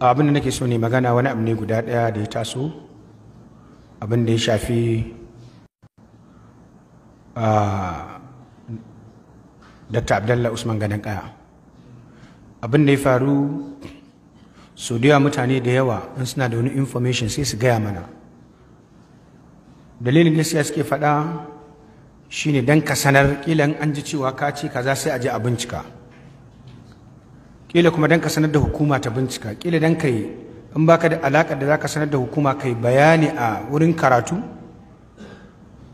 abin da nake so ne magana wani abu ne guda ɗaya da ya taso abin da ya shafi ah, dr abdallah usman ganin kaya abin da ya faru so da yawa mutane da yawa in suna da wani information sai su gaya mana dalilin gaskiya suke faɗa shine dan ka sanar kilan an ji cewa ka ce kaza sai a je a bincika kila kuma dan ka sanar da hukuma ta bincika kila dan kai in baka da alaka da zaka sanar da hukuma kai bayani a wurin karatu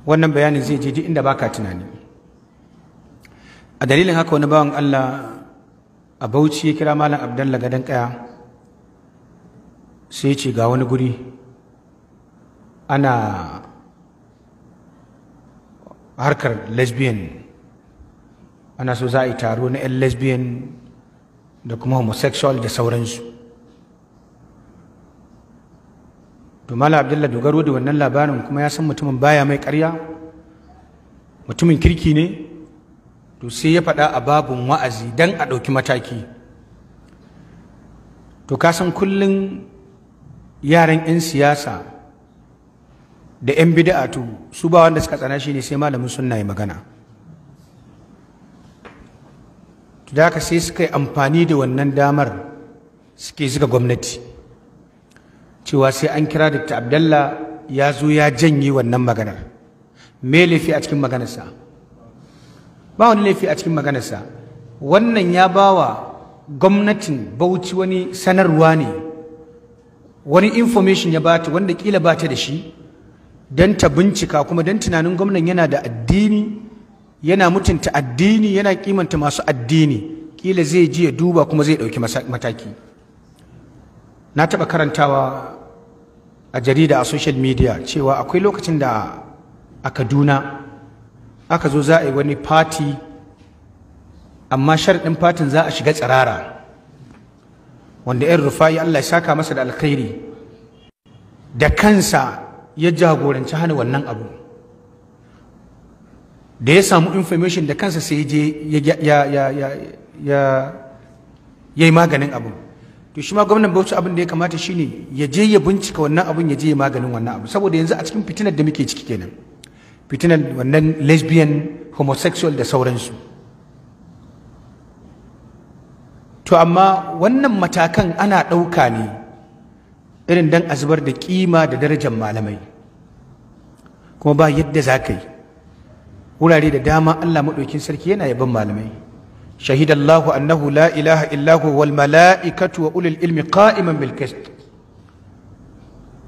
wannan bayanin zai je duk inda baka tunani a dalilin haka wani bawan Allah a Bauchi ya kira malam Abdalla gadan kaya sai ya ce ga wani guri ana harkar lesbian ana so za a yi taro na 'yan lesbian da kuma homosexual da sauransu to mala abdullah dogaro da wannan labarin kuma ya san mutumin baya mai karya mutumin kirki ne to sai ya faɗa a babun wa'azi don a ɗauki mataki to ka kullum yaran 'yan siyasa da 'yan bida'a to su ba wanda suka tsana shi ne sai malamin sunna yi magana da haka sai suka yi amfani da wannan damar suke zuga gwamnati cewa sai an kira Dr. Abdalla ya zo ya janye wannan maganar me laifi a cikin maganarsa ba wani laifi a cikin maganarsa wannan ya bawa gwamnatin Bauchi wani sanarwa ne wani information ya bata wanda kila bata da shi don ta bincika kuma don tunanin gwamnan yana da addini yana mutunta addini yana kimanta masu addini kila zai ji ya duba kuma zai ɗauki mataki na taɓa karantawa a jarida a social media cewa akwai lokacin da a kaduna aka zo za a yi wani fati amma sharɗin fatin za a shiga tsirara wanda 'yan rufa'i allah ya saka masa da alkhairi da kansa ya jagoranci hana wannan abu da ya samu information da kansa sai je ya yi maganin abin to shi ma gwamnan Bauchi abin da ya kamata shine ya je ya bincika wannan abin ya je ya maganin wannan abin saboda yanzu a cikin fitinar da muke ciki kenan fitinar wannan lesbian homosexual da sauransu to amma wannan matakan ana ɗauka ne irin dan azubar da kima da darajar malamai kuma ba yadda za ka yi wurare da dama Allah maɗaukin sarki yana yaban malamai shahidallahu annahu la ilaha illahu wal mala'ikatu wa ulul ilmi qa'iman bil qist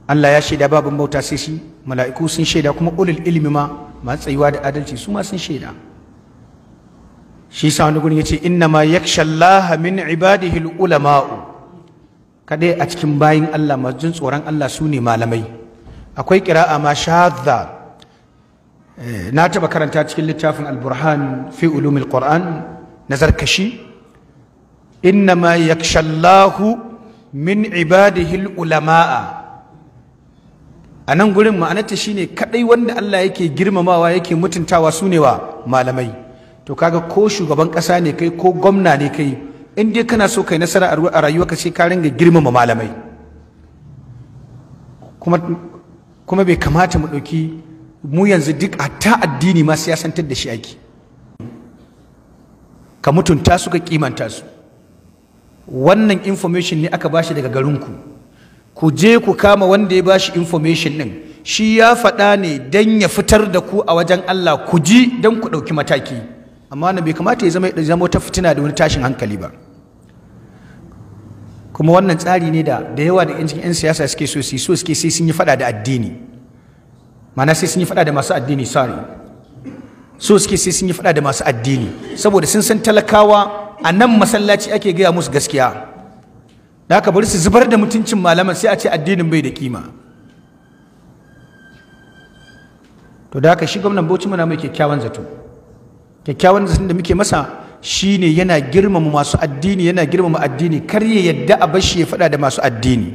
Allah ya shaida babu bauta sai shi mala'iku sun shaida kuma ulul ilmi ma masu tsayuwa da adalci su ma sun shaida shi sa wani gurin yace inna ma yakhshallaha min ibadihi al ulama'u kadai a cikin bayin Allah masu jin tsoron Allah su ne malamai akwai kira'a ma shadda Eh, na taɓa karanta cikin littafin alburhan fi ulumil qur'an na inna innama yakshallahu min ibadihi ulama'a a nan gurin ma'anarta shine kadai wanda Allah yake girmamawa yake mutuntawa su malamai to kaga ko shugaban ƙasa ne kai ko gwamna ne kai in dai kana so kai nasara a rayuwarka sai ka ringa girmama malamai kuma bai kamata mu ɗauki mu yanzu duk ta addini ma siyasantar da shi ake ka mutunta su ka kimanta su wannan information ne aka bashi daga garin ku ku je ku kama wanda ya bashi information din shi ya faɗa ne don ya fitar da ku a wajen Allah ku ji don ku ɗauki mataki amma na bai kamata ya zama wata fitina da wani tashin hankali ba kuma wannan tsari ne da da yawa da 'yan siyasa suke so su yi, so suke sai sun yi faɗa da addini mana sai sun yi fada da masu addini sorry so suke sai sun yi fada da masu addini saboda sun san talakawa a nan masallaci ake gaya musu gaskiya da haka bari su zubar da mutuncin malaman sai a ce addinin bai da kima to da haka shi gwamnan bauchi muna mai kyakkyawan zato kyakkyawan zaton da muke masa shi ne yana girmama masu addini yana girmama addini kar ya yadda a bashi ya faɗa da masu addini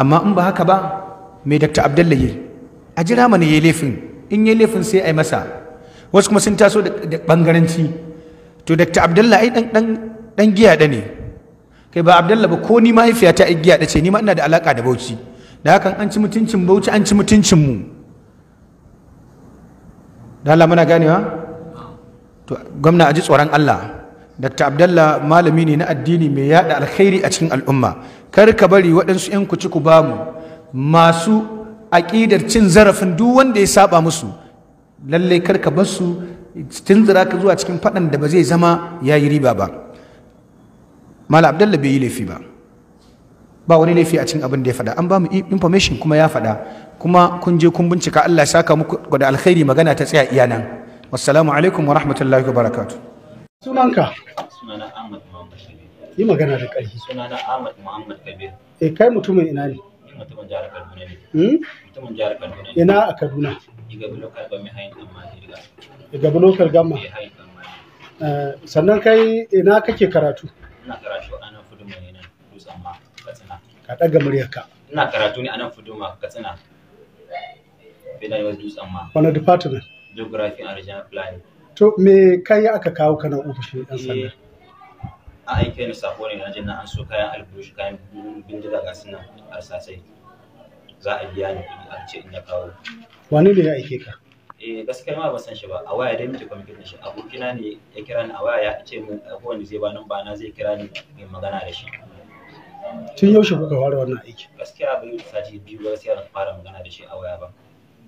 amma in ba haka ba mai dr abdalla yi a jira mana ya laifin in ya laifin sai a yi masa wasu kuma sun taso da ɓangaranci. to dr abdalla ai dan giya da ne kai ba abdalla ba ko ni mahaifiyata ta giya da ce ni ma ina da alaka da bauchi da hakan an ci mutuncin bauchi an ci mutuncin mu da Allah muna ganewa to gwamna a ji tsoron Allah Dr. Abdallah malami ne na addini mai yada alkhairi a cikin al'umma kar ka bari waɗansu 'yan ku ci ku bamu masu aƙidar cin zarafin duk wanda ya saba musu lalle kar ka bar su cin ka zuwa cikin faɗan da ba zai zama ya yi riba ba mala abdalla bai yi laifi ba ba wani laifi a cikin abin da ya faɗa an ba mu information kuma ya faɗa kuma kun je kun bincika Allah ya saka muku da alkhairi magana ta tsaya iya nan wassalamu alaikum wa rahmatullahi wa barakatuh sunanka sunana Ahmad Muhammad Kabir yi magana da ƙarfi sunana Ahmad Muhammad Kabir eh kai mutumin ina ne mutumin jihar Kaduna ne. Hmm? Mutumin jihar Kaduna Ina a Kaduna. Igabi lokal gami hayin amma ne. Igabi lokal Sannan kai ina kake karatu? Ina karatu a nan Fuduma ne nan Dutsen ma Katsina. Ka ɗaga muryarka. Ina karatu ne a nan Fuduma Katsina. Bina yi wasu Dutsen ma. Wani department? Geography and Regional Planning. To me kai aka kawo kana ofishin ɗan sanda? Eh, an aike ni sako ne na jin na an so kayan alburushi, kayan bindiga ga suna harsasai za a biya ni kuɗi a ce in ya kawo wani ne ya aike ka eh gaskiya ma ban san shi ba a waya dai muke communication shi abokina ne ya kira ni a waya ya ce min kowane zai ba nan ba na zai kira ni in magana da shi tun yaushe kuka fara wannan aiki gaskiya ba wuce sati biyu gaskiya na fara magana da shi a waya ba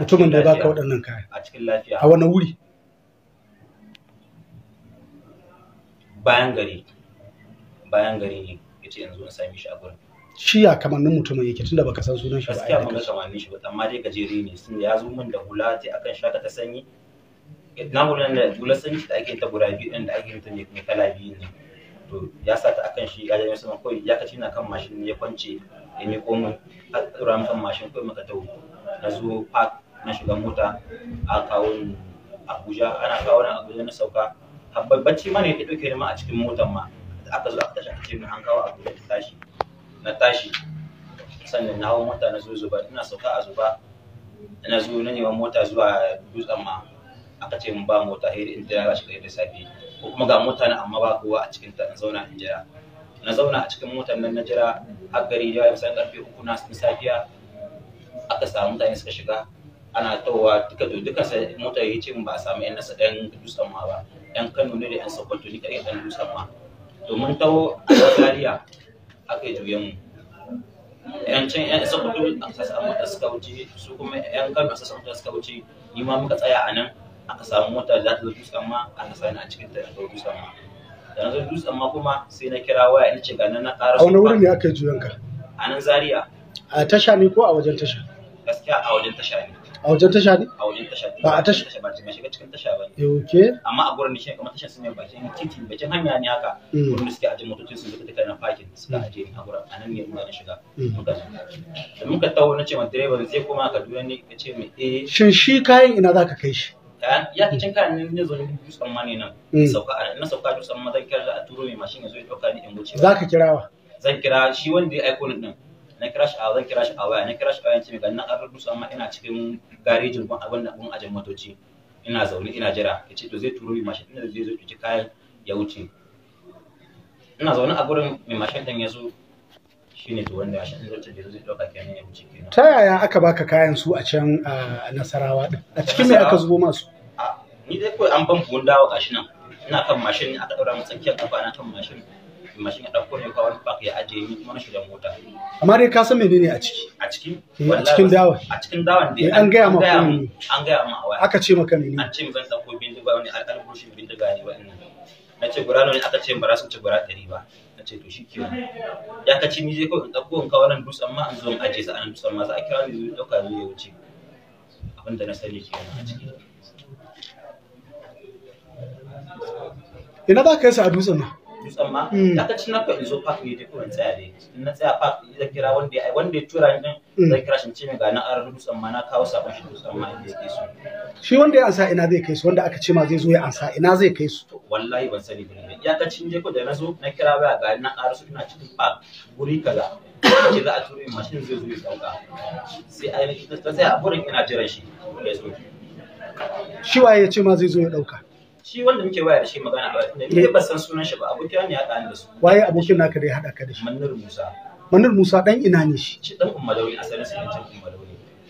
mutumin da baka waɗannan kaya a cikin lafiya a wani wuri bayan gari bayan gari ne yace yanzu na sami shi a gurin shi ya kamannin mutumin yake tunda baka san sunan shi ba gaskiya ban ga kamannin shi ba amma dai gajere ne sun ya zo min da hula ta akan shaka ta sanyi na hulan da hular sanyi ta ake ta guda biyu din da ake ta mai kala biyu ne to ya sa ta akan shi ya jami sama kawai ya kace na kan mashin ya kwance ya miƙo min a tsura kan mashin kawai maka tawo na zo park ana shiga mota a kawo abuja ana kawo ni abuja na sauka bacci ma ne ya ɗauke ni ma a cikin motan ma aka zo aka tashi aka ce min an kawo abuja ta tashi na tashi sannan na hau mota na zo zuba ina sauka a zuba ina zo na neman mota zuwa dutsen ma aka ce min ba mota sai in jira za shi da safe ko kuma ga mota na amma ba kowa a cikin ta zauna in jira na zauna a cikin motar nan na jira har gari ya yi karfe uku na safiya aka samu mutane suka shiga ana tawa duka to duka sai mota ya ce ba a samu yan nasa dan dusan ma ba yan kano ne da yan sokoto ne kai ɗan dusan ma to mun tawo a wasariya aka yi juyen mu yan can yan sokoto aka samu mota suka wuce su kuma yan kano sai samu mota suka wuce ni ma muka tsaya a nan aka samu mota za ta zo ma aka sani a cikin ta da dusan ma da na zo ma kuma sai na kira waya in ce ga nan na ƙara a wani wurin ne aka yi juyen ka a nan zaria a tasha ne ko a wajen tasha gaskiya a wajen tasha ne a wajen tasha ne a wajen tasha ba a tasha ba ta shiga cikin tasha ba ne eh, okay amma a gurin shi kamar tasha sun yi bakin titi bakin hanya ne haka mm. gurin da suke aje motocin su suka tafi na parking suka mm. ajiye ni a gurin a nan ne muka na shiga mm. da muka tawo na ce ma direban zai koma Kaduna ne ka ce mai eh shin shi kayan ina zaka kai shi ya ta cin kayan ne zo ne dutsen ma ne nan sauka na sauka dutsen ma zan kira a turo mai mashin ya zo ya dauka ni in wuce kira wa? zan kira shi wanda ya aiko ni din na crash a zan crash a waya na crash a waya ce ga nan an rubuta amma ina cikin garejin gun abin da gun ajin motoci ina zaune ina jira ya ce to zai turo mi mashin ɗin da zai zo ɗauki kayan ya wuce ina zaune a gurin mai mashin ɗin ya zo shine to wanda mashin ɗin zai zo zai dauka kenan ya wuce kenan ta yaya aka baka kayan su a can a nasarawa ɗin a cikin me aka zubo masu ni dai kawai an ban buhun dawo gashi nan ina kan mashin aka daura mu tsakiyar kafa na kan mashin mashin ya ne wani park ka san menene a ciki a ciki cikin eh, dawa a cikin dawan dai eh, an gaya an ce maka menene an ce zan bindiga wani bindiga ne na ce gura aka ce bara za ci gura ɗari ba na ce to shi ke ya ka ci ni kawai in ɗauko in kawo nan ma an zo in sa a zuwa ɗauka zuwa ya wuce Abinda na sani ke a ciki ina za ka yi sa a nan dutsen ma ta ka cin nafa in zo park ne da kawai tsaya dai in na tsaya park zan kira wanda ya wanda ya tura ni din hmm. kira shi ce mai ga na arar Musamman na kawo sabon shi musamman ma inda yake so shi wanda ya ansa ina zai kai su wanda aka ce ma zai zo ya ansa ina zai kai su wallahi ban sani ba ya ka cin je da na zo na kira baya ga na arar su ina cikin park guri kaza ce za a tura min mashin zai zo ya dauka sai a yi ta tsaya a gurin ina jiran shi shi waye ya ce ma zai zo ya dauka shi wanda muke waya da shi magana ba tunda ni ba san sunan shi ba abokin ne ya ni da su waye abokin naka da ya hada ka da shi Manir Musa Manir Musa dan ina ne shi shi dan Ummadawi asalin sa yancin Ummadawi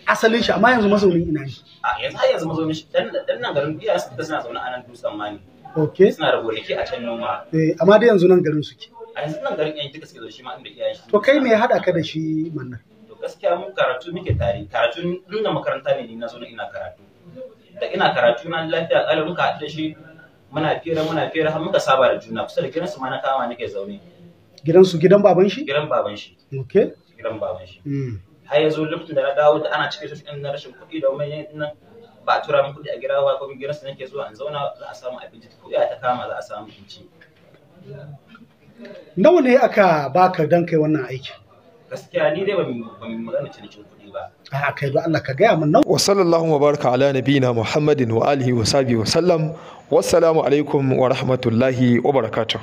asalin shi amma yanzu mazaunin ina ne a yanzu har yanzu mazaunin shi dan dan nan garin biya su suna zaune a nan dutsen mani okay suna da gonaki a can noma eh amma dai yanzu nan garin suke a yanzu nan garin yayin duka suke zo shi ma inda iyayen shi to kai me ya hada ka da shi To gaskiya mun karatu muke tare karatu nuna makaranta ne ni na zo ina karatu ina karatu na lafiya ƙalar muka haɗu da shi muna fira muna fira har muka saba da juna kusa da gidansu ma na kama nake zaune gidansu gidan baban shi gidan baban shi okay gidan baban shi mm. har ya zo lokacin da na dawo da ana cikin shi na rashin kuɗi da wani nan ba tura min kuɗi a gida ba ko su nake zuwa in zauna za a samu abinci kuɗi ta kama za a samu abinci nawa ne aka baka dan kai wannan aikin gaskiya ni dai ba mu magana cin-cin kuɗi ba a kai don Allah ka gaya mun nan wa sallallahu wa baraka ala nabiyina muhammadin wa alihi wa sahbihi wa sallam wassalamu alaikum wa rahmatullahi wa barakatuh